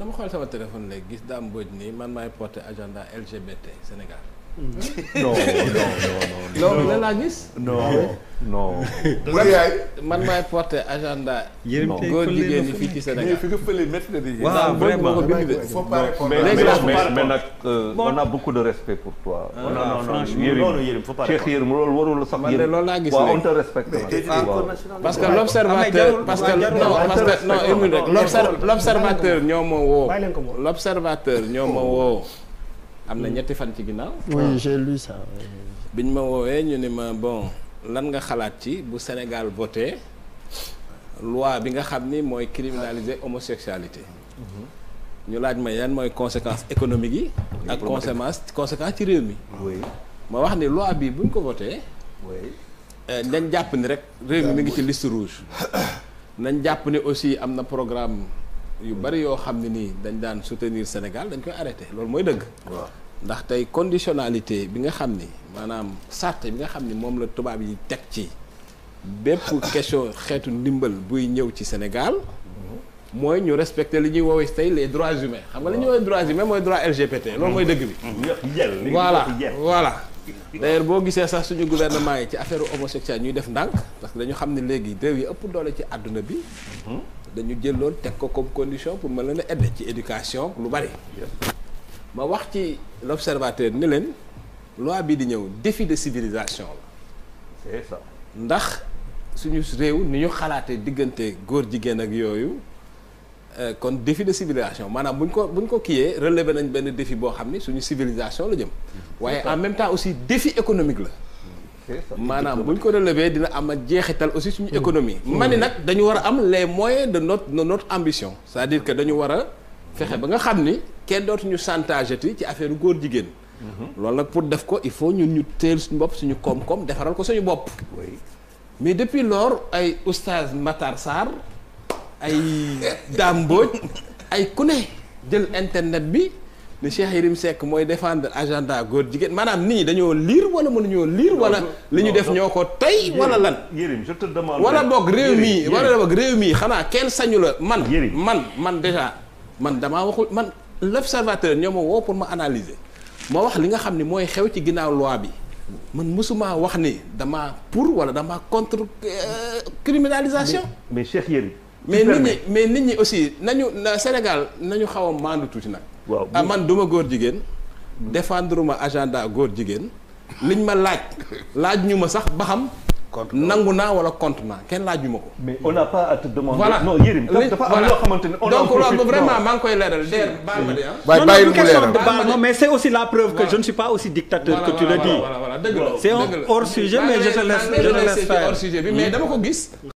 dama xool sama téléphone léegi gis Dame Mbodj nii man maay porter agenda LGBT Sénégal non non non. loolu laa gis. man maay porter agenda. yéen tey góor fii ci Sénégal. fi nga fële métti na di. waaw vraiment mais mais nag euh, on a beaucoup de respect pour toi. non non loolu laa gis waaw parce que ah, l'observateur parce que non parce que non une minute rek l'observateur ñoo ma l'observateur ñoo ma am na mm. ñetti fan ci ginnaaw. oui ah. lu ça. biñ ma woowee ñu ne ma bon lan nga xalaat ci bu Sénégal voté loi bi nga xam ni mooy criminaliser homosexualité. Mhm. ñu laaj ma yan mooy conséquence économiques yi. ak conséquences conséquences ci réew mi. ma wax ni loi bii buñ ko voté. Eh, nañ jàpp ni rek réew mi mi ngi ci liste rouge. nañ jàpp ni aussi am na programme. yu bari yoo xam ne nii dañ daan soutenir Sénégal dañ koy arrêté loolu mooy dëgg. waaw ndax tey conditionnalité bi nga xam ni maanaam sart bi nga xam ni moom la tubaab yi teg ci bépp question xeetu ndimbal buy ñëw ci Sénégal. mooy ñu respecter li ñuy woowee tey les droits humains. xam nga li ñuy woowee droits humains mooy droit LGBT. loolu mooy dëgg bi. Mm-hmm. voilà voilà. d'ailleurs boo gisee sax suñu gouvernement yi ci affaire homosexuelle ñuy def ndànk parce que dañu xam ne léegi réew yi ëpp doole ci àdduna bi. Mm-hmm. dañu jël loolu teg ko comme condition pour ma leen a aider ci éducation lu bari. ma wax ci l'observateur ni leen loi bii di ñëw défi de civilisation la. ndax suñu réew ni ñu xalaatee diggante góor jigéen ak yooyu euh, kon défi de civilisation maanaam buñ ko buñ ko kiiyee relever nañ benn défi boo xam ni suñu civilisation la jëm. Mm-hmm. waaye en même temps aussi défi économique la. maanaam bu ñu ko relever dina am jeexital aussi suñu hmm. économie. Hmm. ma ni nag dañu war a am les moyens de notre de notre ambition. c'est-à-dire que dañu war fexe ba nga xam ni kenn dootuñu yi ci affaire góor jigéen. Hmm. loolu nag pour def ko il faut ñun ñu teel suñu bopp suñu koom-koom defaral ko suñu bopp. mais depuis lors ay oustaz Matar Sarr ay Dame Mbodj ay ku ne jël internet bi. ne Cheikh Yérim sekk mooy défendre agenda góor jigéen maanaam nit ñi dañoo liir wala mënuñoo liir wala li ñu def ñoo ko tey wala lan Yérim je te wala boog réew mi wala boog réew mi xanaa kenn sañu la man man man déjà man damaa waxul man l'observateur ñoo ma woo pour ma analyser ma wax li nga xam ne mooy xew ci ginnaaw loi bi man mësuma wax ni damaa pour wala damaa contre euh, criminalisation mais Cheikh Yérim mais nit ñi mais nit ñi aussi nañu na Sénégal nañu xaw a maandu tuuti nag. waaw ah man duma góor jigéen. défendre ma agenda góor jigéen. liñ ma laaj laaj ñu ma sax ba xam. nangu naa wala contre kenn laaj ñu ma ko. mais on n'a pas à te demander. voilà non Yérim dafa am loo xamante ne leeral deer baal ma de ah. bàyyi mu leeral non mais c'est aussi la preuve que je ne suis pas aussi dictateur que tu le dis. voilà voilà dëgg la c'est un hors sujet mais je te laisse je te laisse faire hors sujet bi mais dama ko gis.